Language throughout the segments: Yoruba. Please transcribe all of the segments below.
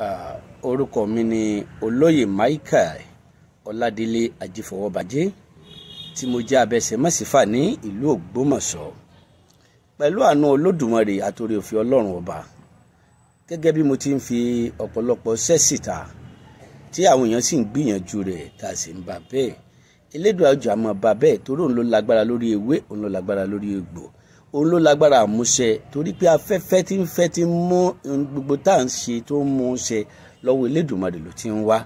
Uh, orúkọ mi ni olóyè Michael Ọládélé Ajífọwọ́bajé tí mo jẹ́ abẹsẹ̀mọ́sífà ní ìlú Ògbómọ̀ṣọ́ pẹ̀lú àánú Olódùmarè àtòrí òfin Ọlọ́run ọba gẹ́gẹ́ bí mo ti ń fi ọ̀pọ̀lọpọ̀ sẹ́sìta tí àwọn èèyàn sì ń gbìyànjú rẹ̀ tá a sì ń bà bẹ́ẹ̀ Elédùà àjọ àmọ́ bà bẹ́ẹ̀ torí òun ló lágbára lórí ewé òun ló lágbára lórí egbò òun ló lágbára àmúṣẹ torí pé afẹ́fẹ́ tí ń fẹ́ tí ń mú gbogbo tá à ń ṣe tó ń mú un ṣe lọ́wọ́ Elédùmarè ló ti ń wá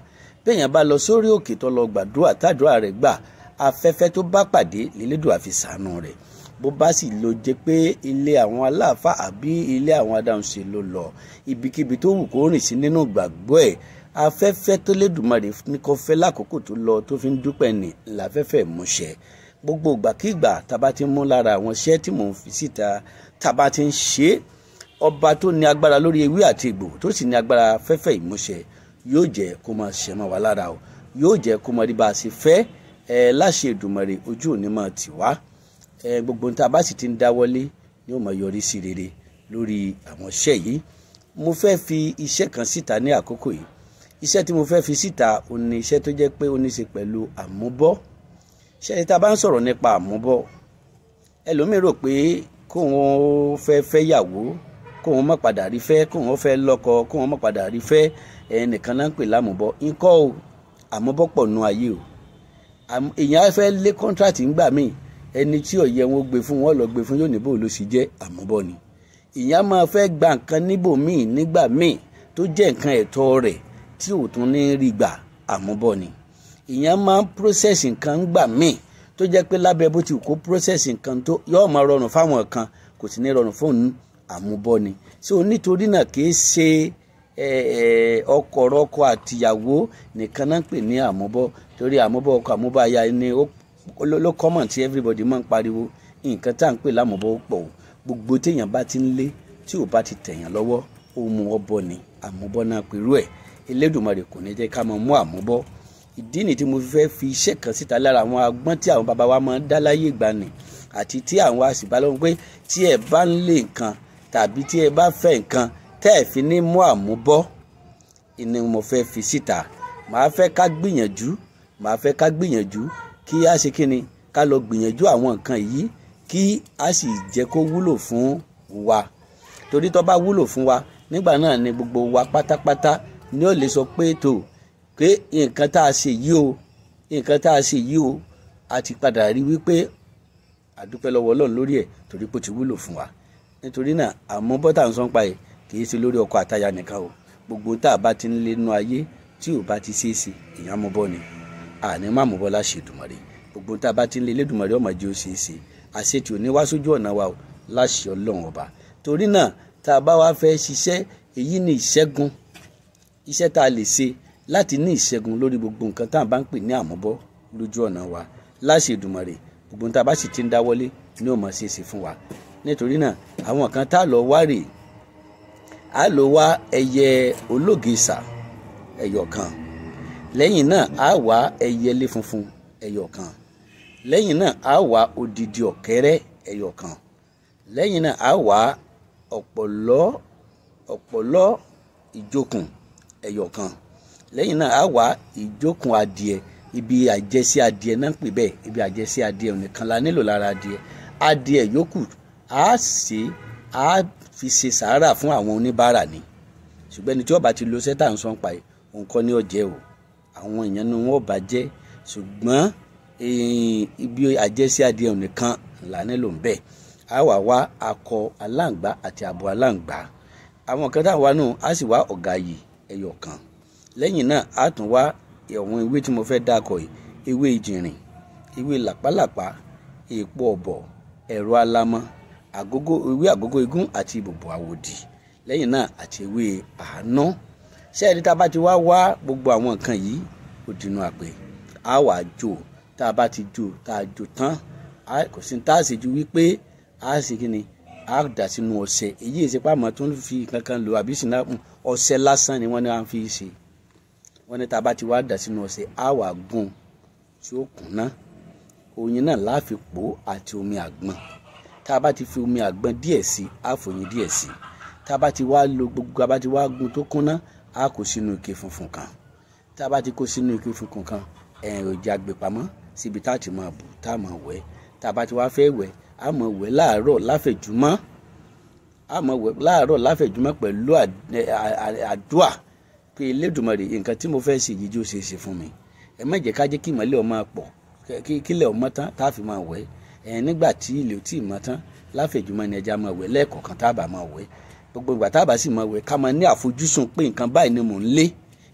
bẹ́ẹ̀yàn bá lọ sórí òkè tó lọ gbàdúrà tàdúrà rẹ̀ gbà afẹ́fẹ́ tó bá pàdé lélẹ́dùà fi ṣàánú rẹ̀ bó bá sì lọ jẹ́ pé ilé àwọn aláàfà àbí ilé àwọn adáhunṣe ló lọ ibikíbi tó wù kó rìn sí nínú gbàgbọ́ ẹ̀ afẹ́fẹ́ tó lẹ́dùmarè ní kò lákòókò tó lọ tó fi ń dúpẹ́ ní láfẹ́fẹ́ múṣẹ gbogbo ìgbàkígbà tába ti mú lára àwọn iṣẹ́ tí mò ń fi síta tába ti ń ṣe é ọba tó ní agbára lórí ewé àti egbò tó sì ní agbára fẹ́fẹ́ ìmúṣẹ yóò jẹ́ kó máa ṣe máa wà lára o yóò jẹ́ kó máa rí bá a ṣe fẹ́ ẹ láṣẹ Èdùmàrè ojú òní máa tì wá ẹ gbogbo níta bá sì ti ń dáwọ́lé ni ó máa yọrí sí rere lórí àwọn iṣẹ́ yìí mo fẹ́ fi iṣẹ́ kan síta ní àkókò yìí iṣẹ́ tí mo fẹ́ fi síta òun iṣẹ́ tó jẹ́ pé ó ní í ṣe pẹ̀lú àmúbọ́ ṣẹ́ni tá a bá ń sọ̀rọ̀ nípa àmúbọ̀ ẹlòmíín rò pé kóun ó fẹ́ fẹ́ yàwó kóun má padà rí fẹ́ kóun ó fẹ́ lọ́kọ kóun má padà rí fẹ́ ẹnìkan náà ń pè lámúbọ̀ ńkọ́ o àmúbọ̀ pọ̀ nu ayé o èèyàn á fẹ́ lé kọ́ńtrátì ńgbà míì ẹni tí ó yẹ wọn gbé fún wọn lọ gbé fún yóò níbo ló sì jẹ́ àmúbọ̀ ni ìyá máa fẹ́ gba nǹkan níbò míì nígbà míì tó jẹ́ nǹkan ẹ̀tọ́ rẹ̀ tí ò ní rí gbà àmúbọ̀ ni ìyẹn máa ń process nǹkan gbà míì tó jẹ́ pé lábẹ́ bó ti kó process nǹkan tó yóò máa rọrùn fáwọn kan kò sì ní rọrùn fóun àmúbọ́ni so nítorí náà kì í ṣe ọkọ ọkọ àtìyàwó nìkan náà ń pè ní àmúbọ́ torí àmúbọ́ ọkọ àmúbọ́ aya ni ló common tí everybody máa ń pariwo nǹkan tá à ń pè lámúbọ́ pọ̀ o gbogbo téèyàn bá ti ń lé tí ò bá ti tẹ̀yàn lọ́wọ́ ó mú ọbọ ni àmúbọ́ náà pẹ̀lú ẹ̀ Elédùmarè kò ní jẹ́ ká máa mú àmúbọ́ ìdí ni tí mo fẹ́ fi iṣẹ́ kan síta lára àwọn agbọ́n tí àwọn baba wa máa ń dá láyé ìgbàanì àti tí àwọn àṣìbálòhùn pé tí ẹ bá ń lé nǹkan tàbí tí ẹ bá fẹ́ nǹkan tẹ́ ẹ fi ní mú àmúbọ́ ni mo fẹ́ fi síta màá fẹ́ ká gbìyànjú màá fẹ́ ká gbìyànjú kí a ṣe kíni ká lọ gbìyànjú àwọn nǹkan yìí kí a sì jẹ́ kó wúlò fún wa torí tó bá wúlò fún wa nígbà náà ni gbogbo wa pátápátá ni ó lè sọ pé tó pé nǹkan tá a ṣe yìí o nǹkan tá a ṣe yìí o a ti padà rí wípé àdúpẹ́ lọ́wọ́ ọlọ́run lórí ẹ̀ torí pé ó ti wúlò fún wa nítorí náà àmọ́ bọ́tà ń sọ́n pa ẹ̀ kì í ṣe lórí ọkọ àtaya nìkan o gbogbo tá a bá ti ń lé nú ayé tí ò bá ti ṣe é ṣe èèyàn mú bọ́ ni àní má mú bọ́ láṣẹ Èdùmàrè gbogbo tá a bá ti ń lé Elédùmarè ọmọ jẹ́ ó ṣe é ṣe àṣẹ tí ò ní wá sójú ọ̀nà wa o láṣẹ ọlọ́run ọba torí náà tá a bá wá fẹ́ ṣiṣẹ́ èyí ni ìṣẹ́gun iṣẹ́ tá a lè ṣe láti ní ìṣẹ́gun lórí gbogbo nǹkan tá à bá ń pè ní àmúbọ́ lójú ọ̀nà wa láṣẹ Èdùmàrè gbogbo tá a bá sì ti ń dáwọ́lé ni ó mọ̀ ṣe é ṣe fún wa nítorí náà àwọn kan tá a lọ wá rèé a lọ wá ẹyẹ ológìsà ẹyọ kan lẹ́yìn náà a wá ẹyẹlé funfun ẹyọ kan lẹ́yìn náà a wá odidi ọ̀kẹ́rẹ́ ẹyọ kan lẹ́yìn náà a wá ọ̀pọ̀lọ́ ọ̀pọ̀lọ́ ìjókùn ẹyọ kan lẹ́yìn náà á wá ìjókun adìẹ ibi àjẹsí adìẹ náà ń pè bẹ́ẹ̀ ibi àjẹsí adìẹ nìkan la nílò lára adìẹ adìẹ yòókù á ṣe á fi ṣe sàárà fún àwọn oníbàárà ni ṣùgbọ́n ẹni tí ó ti lo sẹ́tà ń sanpa yìí òun kọ́ ni ó jẹ́ o àwọn èèyàn ni wọ́n bá jẹ́ ṣùgbọ́n ibi àjẹsí adìẹ nìkan la nílò ń bẹ́ẹ̀ á wà wá akọ aláǹgbá àti abo aláǹgbá àwọn kan tá a wá nù á sì wá ọ̀gá yìí ẹyọ kan lẹ́yìn náà a tún wá àwọn ewé tí mo fẹ́ dákọ̀ yìí ewé ìjìnrìn ewé làpálàpá èèpo ọ̀bọ̀ ẹ̀rọ alamọ àgógó ewé àgógó igún àti ìbòbò àwòdì lẹ́yìn náà àti ewé àánú sẹ́ẹ̀rí tá a bá ti wá wá gbogbo àwọn nǹkan yìí ó dínú àpè á wàá jò tá a bá ti jò tá a jò tán kò sí tá a sì ju wípé a sì kí ni a dà sínú ọṣẹ èyí ìsepá tó ń fi kankan lò àbí sinapu ọṣẹ lásán ni wọ́n ní wọ́n fi ṣe wọ́n ní tá a bá ti wá dà sínú ọṣẹ á wà gún tí ó kùnà oyin náà láàfin pò àti omi àgbọn tá a bá ti fi omi àgbọn díẹ̀ sí i á fòyin díẹ̀ sí i tá a bá ti wá lo gbogbo a bá ti wá gún tó kúnná á kó sínú ike funfun kan tá a bá ti kó sínú ike funfun kan ẹ̀rìn òjì àgbèpamọ́ síbi tá a ti máa bù tá a máa wẹ̀ tá a bá ti wá fẹ́ wẹ̀ á máa wẹ̀ láàárọ̀ láfẹ̀júmọ́ á máa wẹ̀ láàárọ̀ láfẹ̀júmọ́ pẹ̀lú àdúà pé Elédùmarè nǹkan tí mo fẹ́ ṣe yìí jó ṣe é ṣe fún mi ẹ má jẹ́ ká jẹ́ kí ìmọ̀lẹ́ ọmọ pọ̀ kílẹ̀ ọmọ tán tá a fi máa wẹ̀ ẹ nígbà tí ilé ò tí ì mọ́ tán láfẹ̀jùmọ́ ni ẹja máa wẹ̀ lẹ́ẹ̀kọ̀ọ̀kan tá a bá máa wẹ̀ gbogbo ìgbà tá a bá sì máa wẹ̀ ká máa ní àfojúsùn pé nǹkan báyìí ni mò ń lé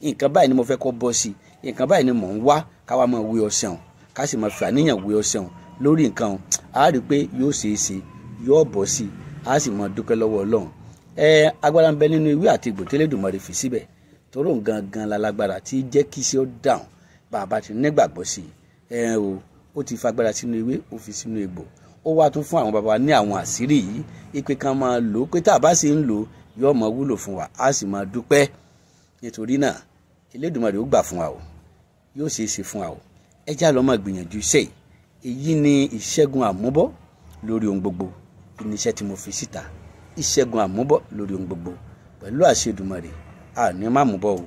nǹkan báyìí ni mo fẹ́ kọ́ bọ́ sí nǹkan báyìí ni mò ń wá káwa máa wé ọṣẹ ká sì máa fi àníyàn wé lórí nǹkan hàn á rí i pé yóò ṣeé ṣe yóò bọ́ sí i sì máa dúpẹ́ lọ́wọ́ Ọlọ́run ẹ agbára ń bẹ nínú ìwé àti ìgbò fi síbẹ̀ tóró gangan lálágbára tí jẹ́ kí iṣẹ́ ó dáhùn bàbá ti nígbàgbọ́ sí ẹ o ó ti fagbára sínú ewé ó fi sínú egbò ó wá tún fún àwọn bàbá ní àwọn àṣírí yìí ipe kan máa lò ó pé tá a bá sì ń lò ó yóò máa wúlò fún wa á sì máa dúpẹ́ nítorí náà Elédùmarè ó gbà fún wa o yóò ṣeé ṣe fún wa o ẹ já lọ́ máa gbìyànjú iṣẹ́ yìí èyí ni ìṣẹ́gun àmúbọ́ lórí ohun gbogbo ìníṣẹ́ tí mo fi síta ìṣẹ́gun àmúbọ́ lórí ohun gbogbo pẹ̀lú àṣẹ Èdùmarè àní má mú bọ̀ o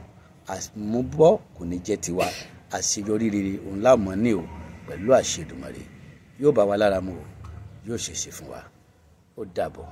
àmúbọ̀ kò ní jẹ́ tiwa àṣeyọrí rere òun láàmú ní o pẹ̀lú àṣẹ yóò bá wa lára mu o yóò ṣèṣe fún wa ó dàbọ̀.